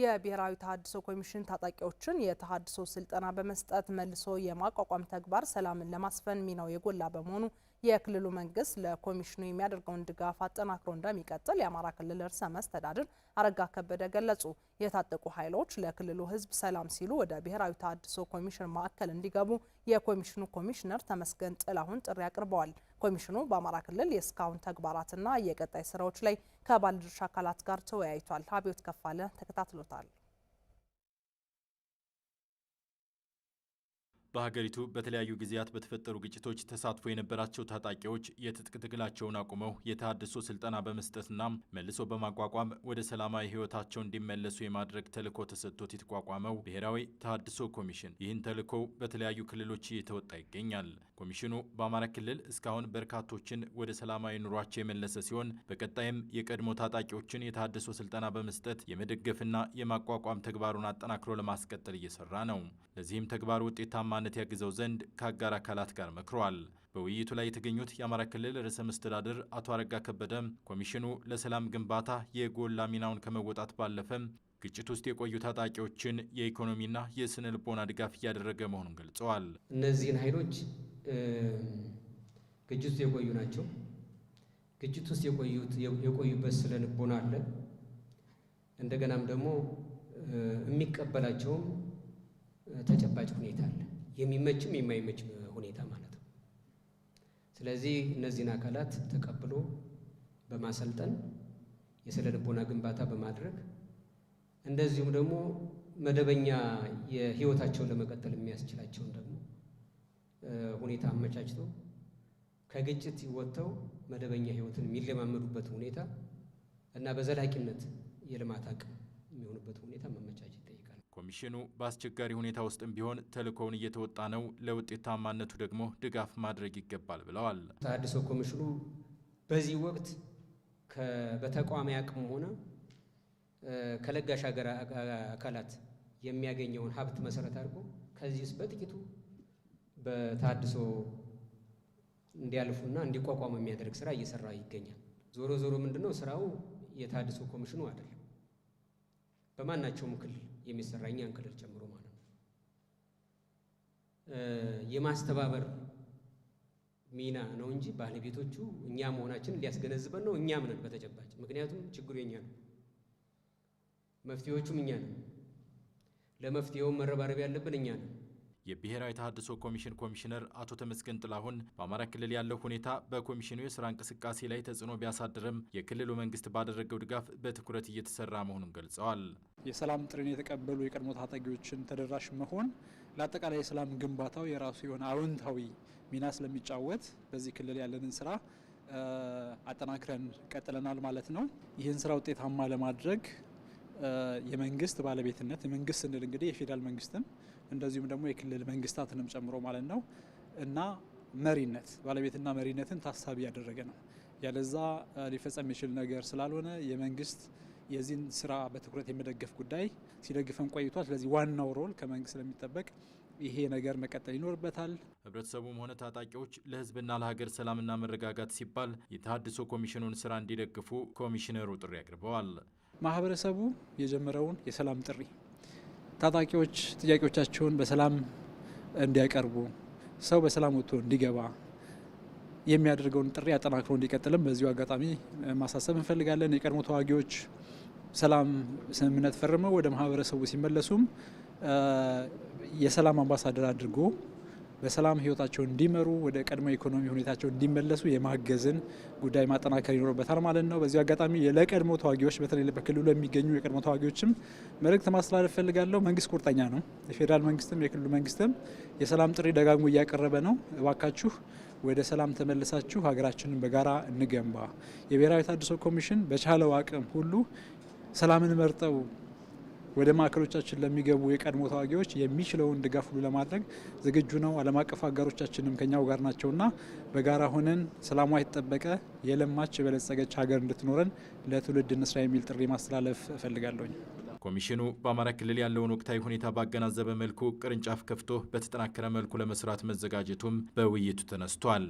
የብሔራዊ ተሃድሶ ኮሚሽን ታጣቂዎችን የተሃድሶ ስልጠና በመስጠት መልሶ የማቋቋም ተግባር ሰላምን ለማስፈን ሚናው የጎላ በመሆኑ የክልሉ መንግስት ለኮሚሽኑ የሚያደርገውን ድጋፍ አጠናክሮ እንደሚቀጥል የአማራ ክልል ርዕሰ መስተዳድር አረጋ ከበደ ገለጹ። የታጠቁ ኃይሎች ለክልሉ ሕዝብ ሰላም ሲሉ ወደ ብሔራዊ ተሃድሶ ኮሚሽን ማዕከል እንዲገቡ የኮሚሽኑ ኮሚሽነር ተመስገን ጥላሁን ጥሪ አቅርበዋል። ኮሚሽኑ በአማራ ክልል የእስካሁን ተግባራትና የቀጣይ ስራዎች ላይ ከባለድርሻ አካላት ጋር ተወያይቷል። አብዮት ከፋለ ተከታትሎታል። በሀገሪቱ በተለያዩ ጊዜያት በተፈጠሩ ግጭቶች ተሳትፎ የነበራቸው ታጣቂዎች የትጥቅ ትግላቸውን አቁመው የተሃድሶ ስልጠና በመስጠትና መልሶ በማቋቋም ወደ ሰላማዊ ህይወታቸው እንዲመለሱ የማድረግ ተልዕኮ ተሰጥቶት የተቋቋመው ብሔራዊ ተሃድሶ ኮሚሽን ይህን ተልዕኮ በተለያዩ ክልሎች እየተወጣ ይገኛል። ኮሚሽኑ በአማራ ክልል እስካሁን በርካቶችን ወደ ሰላማዊ ኑሯቸው የመለሰ ሲሆን በቀጣይም የቀድሞ ታጣቂዎችን የተሃድሶ ስልጠና በመስጠት የመደገፍና የማቋቋም ተግባሩን አጠናክሮ ለማስቀጠል እየሰራ ነው። ለዚህም ተግባር ውጤታማ በዋናነት ያግዘው ዘንድ ከአጋር አካላት ጋር መክረዋል። በውይይቱ ላይ የተገኙት የአማራ ክልል ርዕሰ መስተዳድር አቶ አረጋ ከበደ ኮሚሽኑ ለሰላም ግንባታ የጎላ ሚናውን ከመወጣት ባለፈ ግጭት ውስጥ የቆዩ ታጣቂዎችን የኢኮኖሚና የስነ ልቦና ድጋፍ እያደረገ መሆኑን ገልጸዋል። እነዚህን ኃይሎች ግጭት ውስጥ የቆዩ ናቸው። ግጭት ውስጥ የቆዩበት ስነ ልቦና አለ። እንደገናም ደግሞ የሚቀበላቸውም ተጨባጭ ሁኔታ አለ። የሚመችም የማይመች ሁኔታ ማለት ነው። ስለዚህ እነዚህን አካላት ተቀብሎ በማሰልጠን የስነ ልቦና ግንባታ በማድረግ እንደዚሁም ደግሞ መደበኛ የህይወታቸውን ለመቀጠል የሚያስችላቸውን ደግሞ ሁኔታ አመቻችቶ ከግጭት ወጥተው መደበኛ ህይወትን የሚለማመዱበት ሁኔታ እና በዘላቂነት የልማት አቅም የሚሆኑበት ሁኔታ መመቻቸት ኮሚሽኑ በአስቸጋሪ ሁኔታ ውስጥም ቢሆን ተልእኮውን እየተወጣ ነው፣ ለውጤታማነቱ ደግሞ ድጋፍ ማድረግ ይገባል ብለዋል። ተሃድሶ ኮሚሽኑ በዚህ ወቅት በተቋሚ አቅም ሆነ ከለጋሽ ሀገር አካላት የሚያገኘውን ሀብት መሰረት አድርጎ ከዚህ ውስጥ በጥቂቱ በተሃድሶ እንዲያልፉና እንዲቋቋሙ የሚያደርግ ስራ እየሰራ ይገኛል። ዞሮ ዞሮ ምንድነው ስራው የተሃድሶ ኮሚሽኑ አይደለም፣ በማናቸውም ክልል የሚሰራ እኛን ክልል ጨምሮ ማለት ነው። የማስተባበር ሚና ነው እንጂ ባለቤቶቹ እኛ መሆናችንን ሊያስገነዝበን ነው። እኛም ነን በተጨባጭ ምክንያቱም ችግሩ የኛ ነው፣ መፍትሄዎቹም እኛ ነው። ለመፍትሄውም መረባረብ ያለብን እኛ ነው። የብሔራዊ ተሃድሶ ኮሚሽን ኮሚሽነር አቶ ተመስገን ጥላሁን በአማራ ክልል ያለው ሁኔታ በኮሚሽኑ የስራ እንቅስቃሴ ላይ ተጽዕኖ ቢያሳድርም የክልሉ መንግስት ባደረገው ድጋፍ በትኩረት እየተሰራ መሆኑን ገልጸዋል። የሰላም ጥሪን የተቀበሉ የቀድሞ ታጣቂዎችን ተደራሽ መሆን ለአጠቃላይ የሰላም ግንባታው የራሱ የሆነ አዎንታዊ ሚና ስለሚጫወት በዚህ ክልል ያለንን ስራ አጠናክረን ቀጥለናል ማለት ነው። ይህን ስራ ውጤታማ ለማድረግ የመንግስት ባለቤትነት የመንግስት ስንል እንግዲህ የፌዴራል መንግስትን እንደዚሁም ደግሞ የክልል መንግስታትንም ጨምሮ ማለት ነው እና መሪነት ባለቤትና መሪነትን ታሳቢ ያደረገ ነው። ያለዛ ሊፈጸም የሚችል ነገር ስላልሆነ የመንግስት የዚህን ስራ በትኩረት የመደገፍ ጉዳይ ሲደግፈን ቆይቷል። ስለዚህ ዋናው ሮል ከመንግስት ስለሚጠበቅ ይሄ ነገር መቀጠል ይኖርበታል። ህብረተሰቡም ሆነ ታጣቂዎች ለህዝብና ለሀገር ሰላምና መረጋጋት ሲባል የተሃድሶ ኮሚሽኑን ስራ እንዲደግፉ ኮሚሽነሩ ጥሪ አቅርበዋል። ማህበረሰቡ የጀመረውን የሰላም ጥሪ ታጣቂዎች ጥያቄዎቻቸውን በሰላም እንዲያቀርቡ ሰው በሰላም ወጥቶ እንዲገባ የሚያደርገውን ጥሪ አጠናክሮ እንዲቀጥልም በዚሁ አጋጣሚ ማሳሰብ እንፈልጋለን። የቀድሞ ተዋጊዎች ሰላም ስምምነት ፈርመው ወደ ማህበረሰቡ ሲመለሱም የሰላም አምባሳደር አድርጎ በሰላም ህይወታቸው እንዲመሩ ወደ ቀድሞ ኢኮኖሚ ሁኔታቸው እንዲመለሱ የማገዝን ጉዳይ ማጠናከር ይኖርበታል ማለት ነው። በዚሁ አጋጣሚ ለቀድሞ ተዋጊዎች በተለይ በክልሉ የሚገኙ የቀድሞ ተዋጊዎችም መልእክት ማስተላለፍ ፈልጋለሁ። መንግስት ቁርጠኛ ነው። የፌዴራል መንግስትም የክልሉ መንግስትም የሰላም ጥሪ ደጋግሞ እያቀረበ ነው። እባካችሁ ወደ ሰላም ተመልሳችሁ ሀገራችንን በጋራ እንገንባ። የብሔራዊ ታድሶ ኮሚሽን በቻለው አቅም ሁሉ ሰላምን መርጠው ወደ ማዕከሎቻችን ለሚገቡ የቀድሞ ተዋጊዎች የሚችለውን ድጋፍ ሁሉ ለማድረግ ዝግጁ ነው። ዓለም አቀፍ አጋሮቻችንም ከኛው ጋር ናቸውና በጋራ ሆነን ሰላሟ የተጠበቀ የለማች የበለጸገች ሀገር እንድትኖረን ለትውልድ እንስራ የሚል ጥሪ ማስተላለፍ እፈልጋለሁኝ። ኮሚሽኑ በአማራ ክልል ያለውን ወቅታዊ ሁኔታ ባገናዘበ መልኩ ቅርንጫፍ ከፍቶ በተጠናከረ መልኩ ለመስራት መዘጋጀቱም በውይይቱ ተነስቷል።